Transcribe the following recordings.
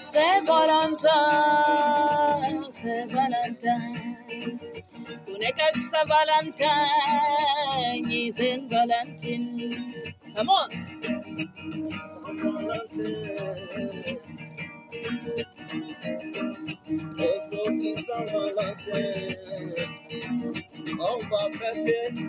C'est Valentin, c'est Valentin. Kune kak sa Valentin, Valentine. Come on. It's looking Saint Valentin. On va fêter.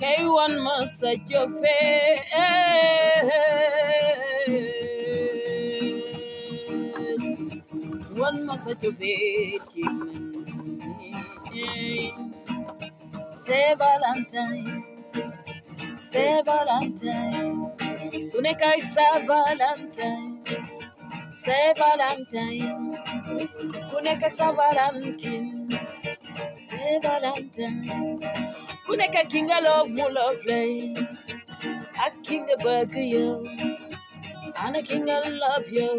kay wan ma sa jofe wan ma sa jofe ci c'est Valentine c'est Valentine ku nekk ay sa Valentine c'est Valentine ku nekk sa Valentine Valentine ku nekk ak ki mu love lay ak ki nga bëgg yow ana ki nga love yow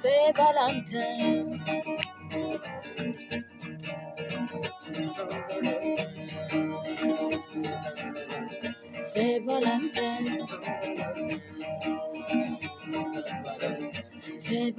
c'est Valentine c'est Valentine c'est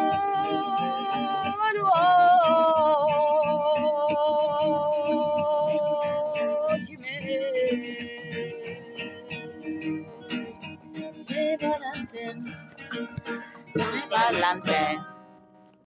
Vive adelante. Vive adelante.